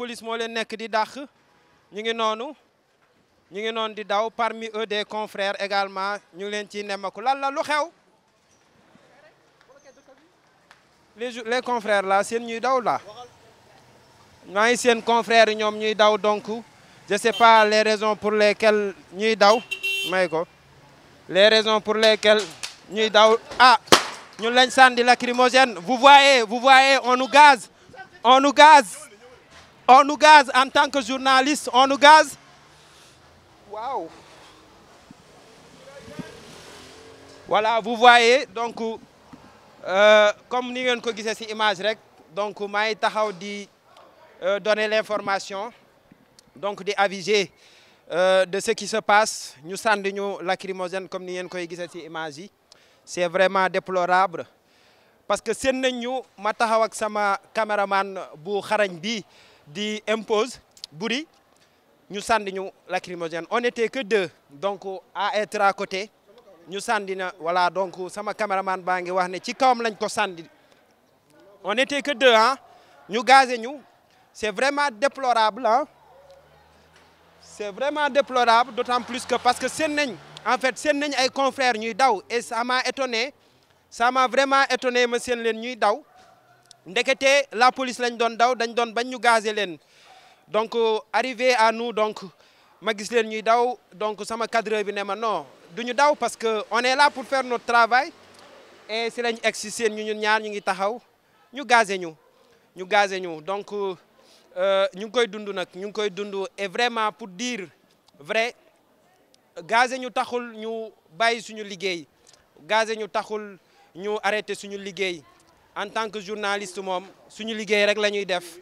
police mo len nek di dakh ñi ngi nonu ñi ngi non di daw parmi eux des confrères également ñu len ci nemaku nemmaku lan la lu xew les les confrères là seen ñuy daw la ngay seen confrères ñom ñuy daw donc je sais pas les raisons pour lesquelles ñuy daw may ko les raisons pour lesquelles ñuy daw ah ñu lañ sandi lacrymogène vous voyez vous voyez on nous gaze on nous gaze on nous gaze en tant que journaliste, on nous gaze. Waouh Voilà, vous voyez, donc, euh, comme nous avons vu cette image, donc, je euh, donner l'information, donc, de aviser euh, de ce qui se passe. Nous sommes lacrymogène comme nous avons vu cette image. C'est vraiment déplorable. Parce que c'est nous, je suis avec mon caméraman, Bou di impose buri ñu nous ñu lacrymogène on n'était que deux donc à être à côté Nous sommes... voilà donc sama caméraman bangi wax ne ci kawam lañ on n'était que deux hein. Nous, gazé nous. c'est vraiment déplorable hein. c'est vraiment déplorable d'autant plus que parce que c'est nañ en fait c'est nañ ay confrères ñuy daw et ça m'a étonné ça m'a vraiment étonné monsieur, nous, ndekete la police lañ doon daw dañ doon bañ ñu gazé len donc euh, arrivé à nous donc ma gis len ñuy daw donc sama cadreur bi néma non duñu daw parce que on est là pour faire notre travail et c'est lañ ex si seen ñu ñun ñaar ñu ngi taxaw ñu gazé ñu ñu gazé ñu donc euh, euh, ñu ngi koy dund nak ñu koy dund et vraiment pour dire vrai gazé ñu taxul ñu bayyi suñu liggéey gazé ñu taxul ñu arrêter suñu liggéey en tant que journaliste mom suñu liguey rek lañuy def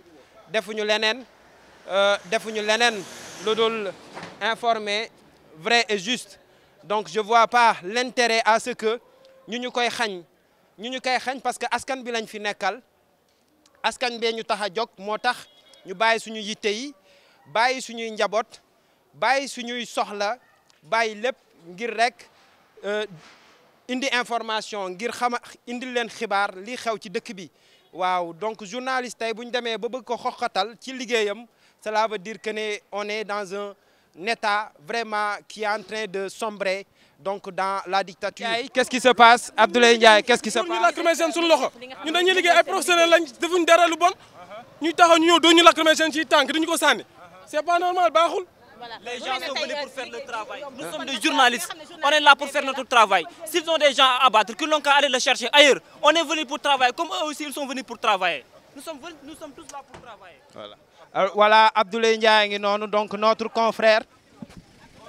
defuñu lenen euh defuñu lenen ludul informer vrai et juste donc je vois pas l'intérêt à ce que ñu ñu koy xagn ñu ñu koy xagn parce que askan bi lañ fi nekkal askan be ñu tax a jóg ñu bayyi suñu yitte yi bayyi suñu njabot bayyi suñu soxla bayyi lepp ngir rek euh indi information ngir xama indi len xibar li xew ci dëkk bi waaw donc journaliste tay buñ démé ba bëgg ko xoxatal ci ligéyam cela veut dire que né on est dans un état vraiment qui est en train de sombrer donc dans la dictature. qu'est-ce qui se passe Abdoulaye Ndiaye qu'est-ce qui se passe. ñu lacrymé sen suñu loxo ñu dañuy liggéey ay professionnels lañ defuñ dara lu bon uh-huh. ñu taxaw ñu ñëw doo ñu lacrymé sen ci tank duñ ko sanni c'est pas normal baaxul. Les gens sont venus pour faire le travail. Nous sommes des journalistes. On est là pour faire notre travail. S'ils ont des gens à abattre, que l'on qu'à aller le chercher ailleurs. On est venus pour travailler, comme eux aussi, ils sont venus pour travailler. Nous sommes, tous là pour travailler. Voilà, Abdoulé Ndiaye, donc notre confrère,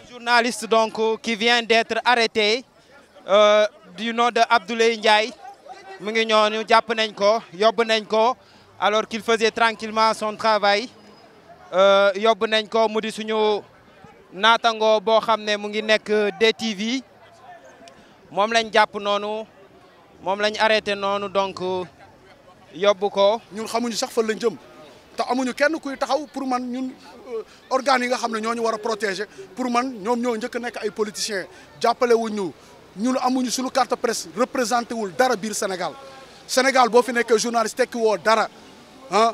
journaliste donc, qui vient d'être arrêté euh, du nom de Abdoulaye Ndiaye. Alors qu'il faisait tranquillement son travail. Euh, yóbbu nañ ko mu di suñu naatangoo boo xam ne mu ngi nekk DTV moom lañ jàpp noonu moom lañ arrêté noonu donc yóbbu ko. ñun xamuñu sax fan lañ jëm te amuñu kenn kuy taxaw pour man ñun euh, organes yi nga xam ne ñoo ñu war a protéger pour man ñoom ñoo njëkk nekk ay politiciens jàppale wuñ ñu ñun amuñu suñu carte presse représenté wul dara biir Sénégal Sénégal boo fi nekkee journaliste tekki woo dara ah.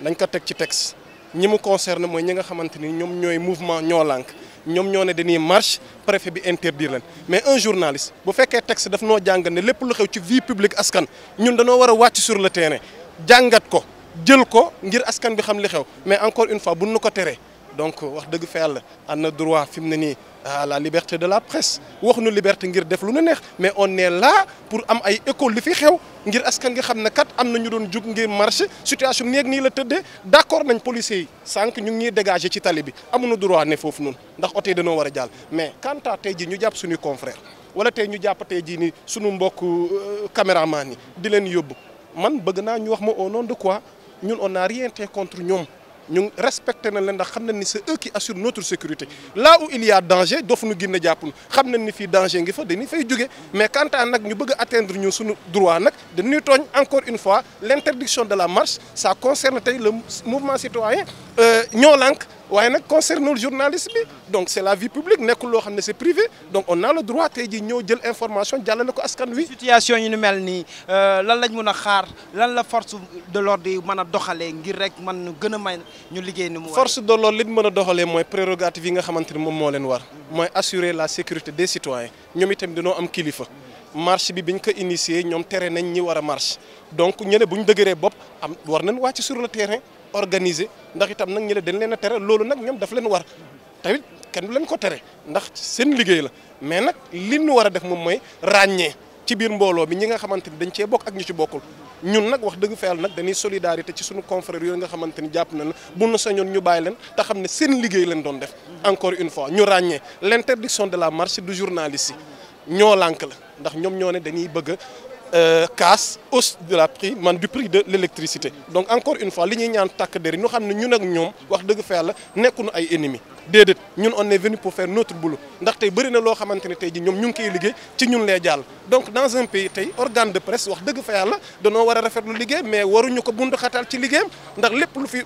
nañ ko teg ci texte ñi mu concerne mooy ñi nga xamante ni ñoom mouvement ñoo ñom ñone ñoo dañuy marche préfet bi interdire leen mais un journaliste bu fekkee texte daf noo jàngal né lepp lu xew ci vie publique askan ñun dañoo wara wacc sur le terrain jàngat ko jël ko ngir askan bi xam li xew mais encore une fois buñ nu ko téré donc wax a fa droit à la liberté de la presse wax liberté ngir def lu mais on est là pour am ay li fi xew ngir askan nga situation d'accord, ni la policiers sank ñu ngi droit ne fofu nous. ndax mais quant à ñu confrères wala tay ñu japp tay ji ni suñu mbokk euh, di de quoi on n'a rien contre nous. Nous respectons nañ gens ndax savons eux qui assurent notre sécurité là où il y a danger nous nu Nous jàppul ni fii danger ngi fa fay mais quand nous voulons atteindre nos droits, nous devons, encore une fois l'interdiction de la marche ça concerne le mouvement citoyen euh, nous waaye nag concernul journaliste bi donc c'est la vie publique nekkul loo xam ne privé donc on a le droit tey ji ñëw jël information jàllale ko askan wi. situation yi nu mel nii euh, lan lañ mën xaar lan la force de l'ordre yi mën a doxalee ngir rek man nu gën may ñu liggéey ni mu force de l'ordre li mën a doxalee prérogative yi nga xamante ni moom moo leen war. mooy assurer la sécurité des citoyens ñoom itam dañoo am kilifa marche bi biñ ko initié ñom téré nañ ñi wara marche donc ñëlé buñ bu bop am war nañ wacc sur le terrain organisé ndax itam nak ñëlé dañ leena téré lolu nak ñom daf leen war tamit kenn du leen ko téré ndax seen liggéey la mais nak li ñu wara def moom mooy ragné ci biir mbolo bi ñi nga xamanteni dañ ci bokk ak ñu ci bokkul ñun nak wax dëgg fa yàlla nag dañuy solidarité ci suñu confrères yooyu nga xamanteni japp nañ bu ñu sañon ñu bàyyi leen ta xamné ne seen liggéey leen doon def encore une fois ñu ragné l'interdiction de la marche du journaliste ñoo lànk la ndax ñom ñone ne dañuy bëgg euh, casse hausse de la prix man du prix de l'électricité donc encore une fois li ñuy ñaan tak der ñu xam ñun ak ñom wax dëgg fa yàlla nekkuñu ay ennemi. déedéet ñun on est venu pour faire notre boulot ndax tay bëri na lo xamanteni tay ji ñom ñu ngi koy liggé ci ñun lay jall. donc dans un pays tay organe de presse wax dëgg fa yàlla danoo wara rafet rafetlu liggé mais ñu ko bundu xatal ci liggéem ndax lepp lu fi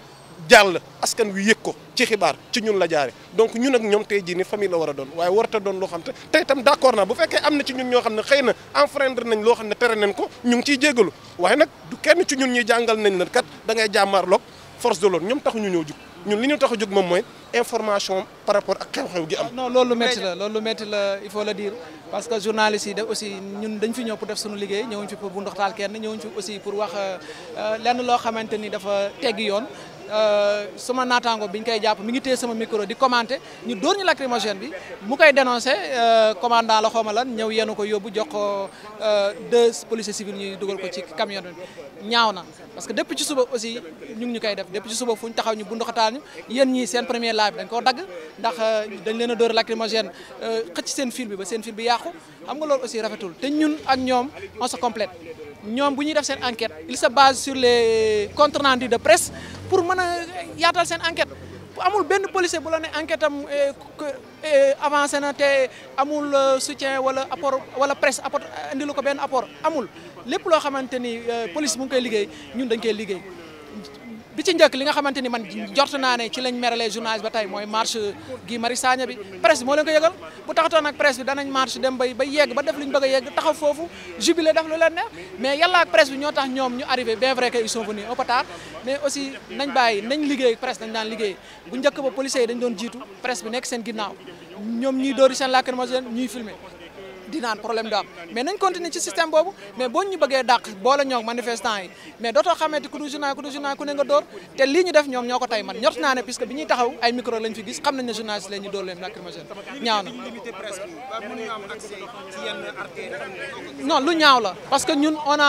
jàll askan wi yëg ko ci xibaar ci ñun la jaare donc ñun ak ñoom tey jii ni famille la war a doon waaye warta doon loo xam te tey itam d'accord naa bu fekkee am na ci ñun ñoo xam ne xëy na enfreindre nañ loo xam ne tere nañ ko ñu ngi ciy jégalu waaye nag du kenn ci ñun ñuy jàngal nañ la kat da ngay jàmmaarloog force de ñoom taxu ñu ñoo jug li ñu tax a moom mooy information par rapport ak xew-xew gi am. non loolu métti la loolu métti la il faut le dire parce que journalistes yi da aussi ñun dañ fi ñëw pour def suñu liggéey ñëwuñ fi pour bu ndoxtaal kenn ñëwuñ fi aussi pour wax euh, euh, lenn loo xamante ni dafa tegg yoon Euh, sama bi biñ koy jàpp mi ngi téye sama micro di commenté ñu dóor ñu lacrymogène bi mu koy dénoncé euh, commandant la xooma lan ñëw yenu ko yóbbu jox ko euh, deux policiers civils ñuy dugal ko ci camion bi ñaaw na parce que depuis ci suba aussi ñu ngi ñu koy def depuis ci suba fu ñu taxaw ñu bundu xataal ñu yéen ñii seen premier live dañ koo dagg ndax dañ leen a dóor lacrymogène xëcc seen fil bi ba seen fil bi yàqu xam nga loolu aussi rafetul te ñun ak ñoom on se complète ñoom bu ñuy def seen enquête il se base sur les comptes rendus de presse pour mën a yaatal seen enquête amul benn policier bu la ne enquête am eh, eh, avancé na te amul euh, soutien wala apport wala presse apport eh, indilu ko benn apport amul lépp loo xamante ni euh, police mu ngi koy liggéey ñun dañ koy liggéey bi ci njëkk li nga xamante ni man jort naa ne ci lañ meralee journaliste ba tey mooy marche gi Mari Sagna bi presse moo leen ko yëgal bu taxatoon nag presse bi danañ marche dem bay bay yegg ba def lu ñu bëgg a yegg taxaw foofu jubilé def lu leen neex mais yàlla ak presse ñoo tax ñoom ñu arrivé bien vrai que ils sont mais aussi nañ bàyyi nañ liggéey presse dañ daan liggéey bu njëkk ba policiers yi dañ doon jiitu presse bi nekk seen ginnaaw ñoom ñuy dóori seen ñuy filmer dinaan problème du am mais nañ continuer ci système boobu mais boo ñu bëggee dàq boole ñoom manifestant yi mais dootoo xamante ku du journal ku du journal ku ne nga dóor te lii ñu def ñoom ñoo ko tey man ñort naa ne puisque bi ñuy taxaw ay micro lañ fi gis xam nañ ne journaliste la ñu dóor leen ñaaw na lu ñaaw la parce que ñun on a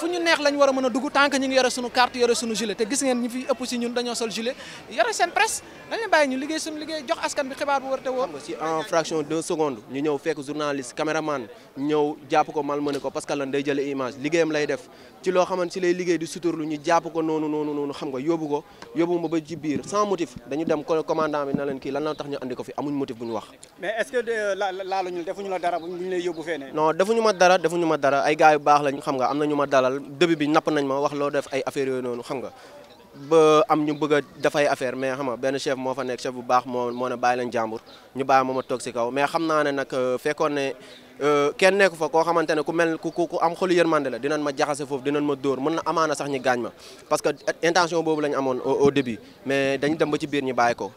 fu ñu neex lañ war mën a dugg tant que ñu ngi fi ëpp si ñun dañoo sol gilet yore seen presse dañ bàyyi ñu liggéey suñu liggéey jox askan bi xibaar bu wër te woo si en de seconde ñu ñëw fekk journaliste caméraman ñëw jàpp ko mal mëne ko parce que lan day jële image liggéeyam lay def ci loo xamante si lay liggéey di suturlu ñu jàpp ko noonu noonu xam nga yóbbu ko yóbbu ma ba ci sans motif dañu dem commandant bi na leen kii lan la tax ñu andi waral début bi napp nañ ma wax loo def ay affaire yooyu noonu xam nga ba am ñu bëgg a def ay affaire mais xam nga benn chef moo fa nekk chef bu baax moo moo ne bàyyi leen jàmbur ñu bàyyi ma ma toog si kaw mais xam naa ne nag euh, fekkoon ne euh, kenn nekk fa koo xamante ne ku mel ku ku am xolu yërmande la dinañ ma jaxase foofu dinañ ma dóor mën na amaana sax ñi gaañ ma parce que intention boobu lañ amoon au début mais dañ dem ba ci biir ñu bàyyi ko